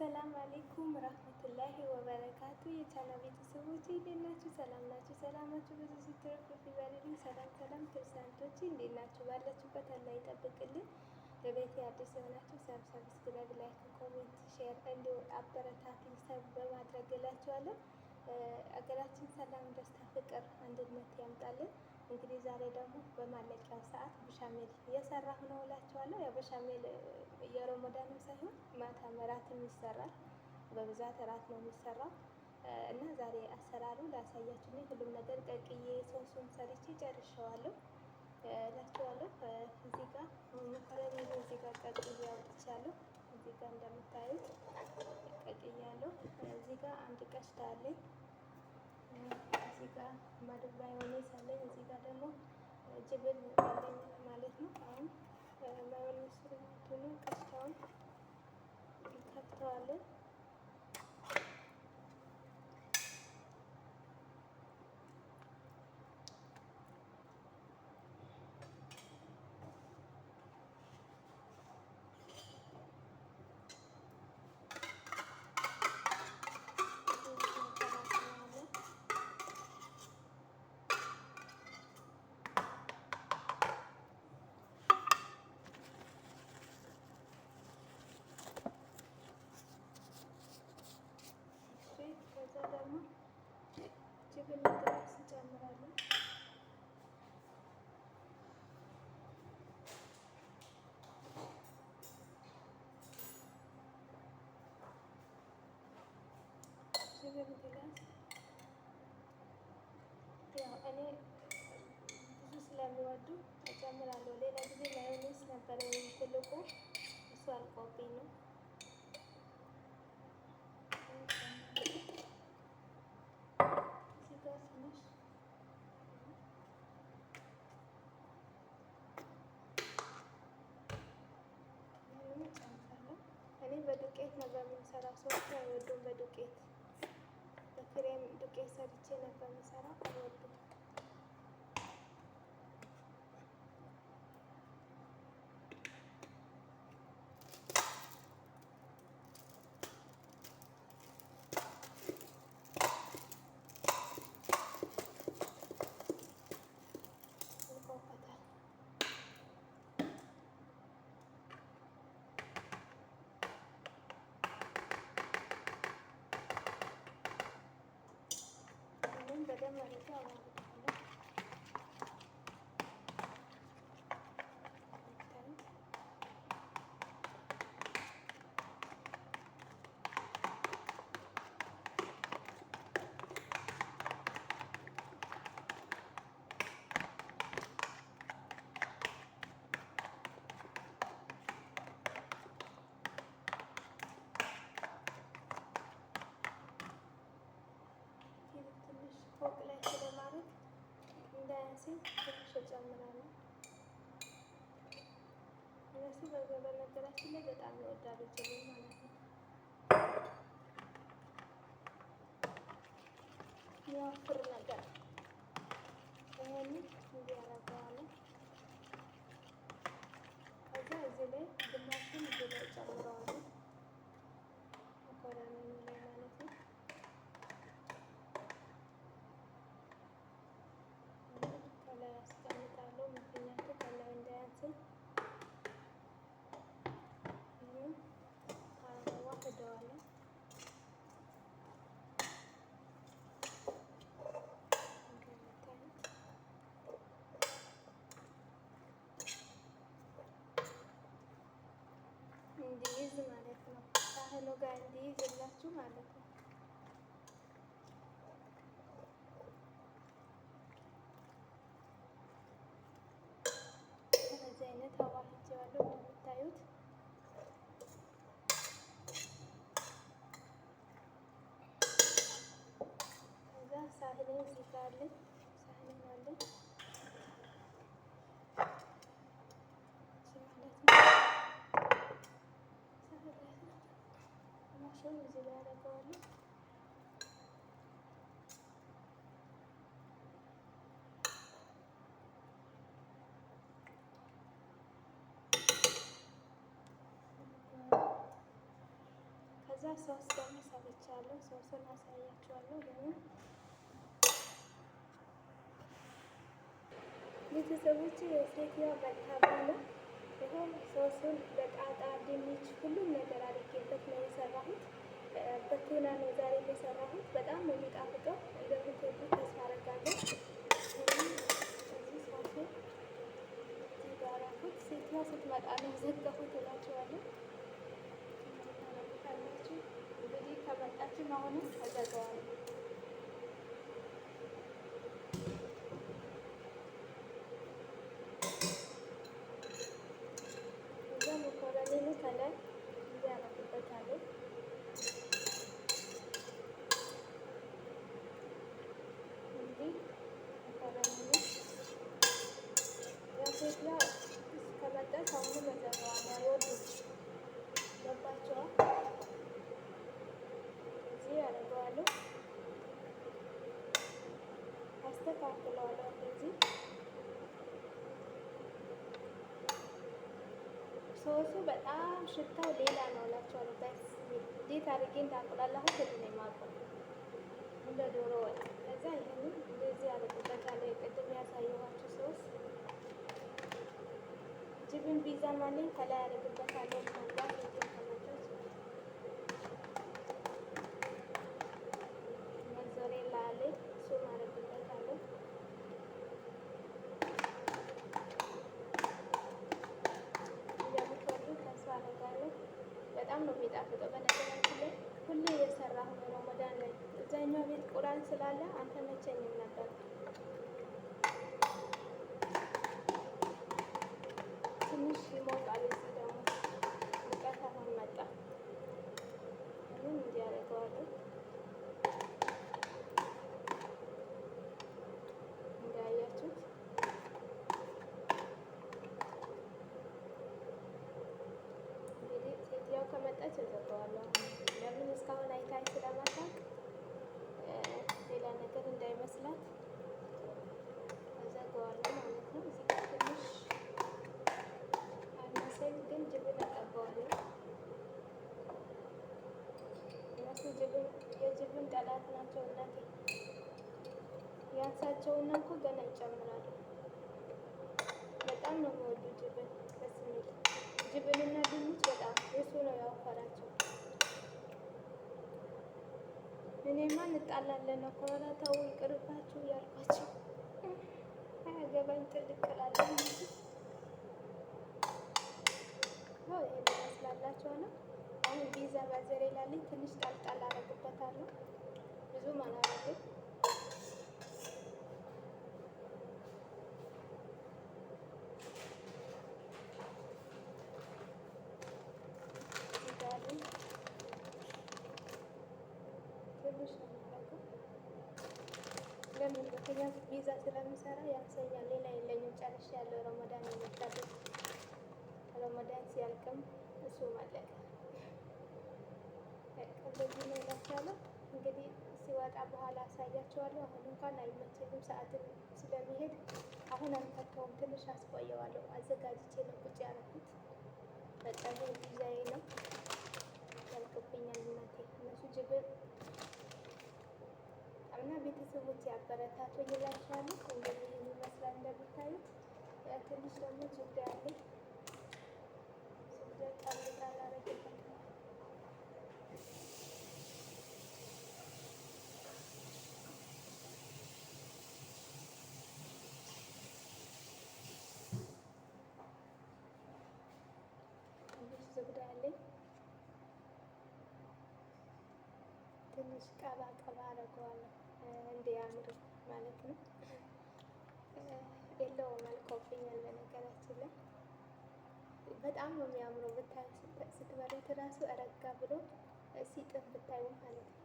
ሰላም አሌይኩም ረህመቱላሂ ወበረካቱ የቻና ቤተሰቦች እንዴት ናችሁ? ሰላም ናችሁ? ሰላማችሁ ብዙ ሲትረፍረፍ ይበልልኝ። ሰላም ሰላም ክርስቲያኖች እንዴት ናችሁ? ባላችሁበት አላህ ይጠብቅልን። በቤቴ አዲስ የሆናችሁ ሰብስክራይብ፣ ላይክ፣ ኮሜንት፣ ሼር እንዲሁም አበረታቱኝ ሰብ በማድረግ እላችኋለሁ። አገራችን ሰላም፣ ደስታ፣ ፍቅር፣ አንድነት ያምጣልን። እንግዲህ ዛሬ ደግሞ በማለቂያ ሰዓት በሻሜል እየሰራሁ ነው እላቸዋለሁ። ያው በሻሜል የረመዳንም ሳይሆን ማታ እራትም ይሰራል። በብዛት እራት ነው የሚሰራው እና ዛሬ አሰራሩ ላሳያችሁ ነው። ሁሉም ነገር ቀቅዬ ሶሱን ሰርቼ ጨርሸዋለሁ እላቸዋለሁ። እዚህ ጋር መኮረኒ እዚህ ጋር ቀቅዬ አውጥቻለሁ። እዚህ ጋር እንደምታዩት ቀቅዬ ቀቅያለሁ። እዚህ ጋር አንድ ቀስት አለኝ። እዚህ ጋር ማድጋ ማዮኔዝ አለኝ። እዚህ ጋር ደግሞ ጅብል አለኝ ማለት ነው። አሁን ማዮኔዝ ያው እኔ ብዙ ስለሚወዱ እጨምራለሁ። ሌላ ጊዜ ማዮኔዝ ነበረ ትልቁ፣ እሱ አልቆብኝ ነው። እኔ በዱቄት ነው ሰዎች አይወዱም በዱቄት ክሬም ዱቄት ሰርቼ ነበር የምሰራው። 的漂亮。በርገር በነገራችን ላይ በጣም የወዳለች ማለት ነው። የሚያወፍር ነገር ይህን እንዲያረገዋለን። ከዛ እዚህ ላይ ግማሹን እዚህ ላይ ጨምረዋለን መኮረኒ አድርገዋለሁ። እንዲይዝ ማለት ነው። ሳህሉ ጋር እንዲይዝ የላችሁ ማለት ነው። በዚህ አይነት አዋህጀዋለሁ እንደምታዩት አለኝ፣ ሳህንም አለኝ ከዛ ሶስት ደግሞ ሰብቻለሁ። ሶስቱን አሳያችኋለሁ ለምን ቤተሰቦች ሴትዮዋ ነው። ይኸው ሶስቱን በጣጣ ድንች፣ ሁሉም ነገር አድርጌበት ነው የሰራሁት። በቱና ነው ዛሬ የሰራሁት። በጣም ነው የሚጣፍጠው። እንደምትወዱ ተስፋ አደርጋለሁ። ሴትዮዋ ስትመጣ ነው ዘጋሁት እላቸዋለሁ። እንግዲህ ከመጣችም አሁንም ተዘጋዋለሁ አስተካክለዋለሁ እንደዚህ ሶሱ በጣም ሽታው ሌላ ነው እላቸዋለሁ። እንዴት አድርጌ እንዳቁላላሁት እኔ የማውቀው። እንደ ዶሮ ወጥ ከዛ ይህንን እንደዚህ አደርግበታለሁ። ቅድም ያሳየኋችሁ ሶስ ጅብን ቢዛ ማለኝ ከላይ አደርግበታለሁ። ምናልባት ተመቶች ነበር። አሁን ረመዳን ላይ እዛኛው ቤት ቁራን ስላለ አንተ አልተመቸኝም ነበር። ትንሽ ይሞቃል ያንሳቸውና እኮ ገና ይጨምራሉ። በጣም ነው የሚወዱት ጅብን። በስሜት ጅብንና ድንች በጣም የሱ ነው ያወፈራቸው። እኔማ እንጣላለን እኮ ኧረ ተው ይቅርባችሁ ያልኳቸው አያገባኝ ትልቅ እላለሁ እንጂ ይመስላላቸው ነው። አሁን ቪዛ ባዘሬ ላለኝ ትንሽ ጣልጣል አደረግበታል ያው ቪዛ ስለምሰራ ያንሰኛል። ሌላ የለኝም። ጨርሼ ያለው ረመዳን የመጣበት ረመዳን ሲያልቅም እሱ አለቀ። በዚህ ነው ይመስላል። እንግዲህ ሲወጣ በኋላ አሳያቸዋለሁ። አሁን እንኳን አይመቸኝም፣ ሰዓትን ስለሚሄድ አሁን አንፈተውም። ትንሽ አስቆየዋለሁ። አዘጋጅቼ ነው ቁጭ ያረኩት በቃ ቪዛዬ ነው ያልቅብኛል። እናቴ እነሱ ጅብር እና ቤተሰቦች ያበረታቱኝ እላችኋለሁ። እንደዚህ ይመስላል እንደምታዩት። ትንሽ ደግሞ ችግር አለ። ችግር ጨምቃ አላረግበት ትንሽ ቀባ ቀባ አደርገዋለሁ። ማለት ነው። የለውም አልቆብኛል። በነገራችን ላይ በጣም ነው የሚያምረው። ብታይ ስትበሉት እራሱ ብሎ ሲጥም ብታዩ ማለት ነው።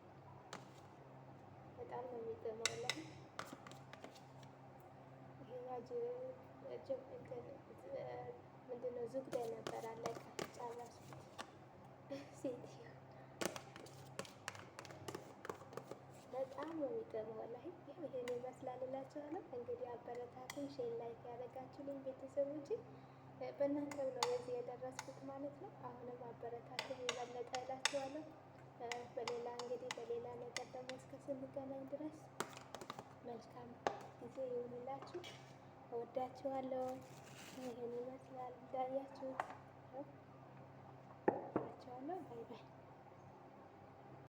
በጣም ነው የሚጥመው ነበር አለቀ በጣም ነው የሚጥመው ላይ ይሄን ይመስላል እላችኋለሁ። እንግዲህ አበረታቱን፣ ሼር ላይክ ያደረጋችሁልኝ ቤተሰቦች በእናንተም ነው የዚህ የደረስኩት ማለት ነው። አሁንም አበረታቱን የበለጠ እላችኋለሁ። በሌላ እንግዲህ በሌላ ነገር ደግሞ እስከ ስንገናኝ ድረስ መልካም ጊዜ ይሁንላችሁ። እወዳችኋለሁ። ይሄን ይመስላል እንዳያችሁት። ባይ ባይ።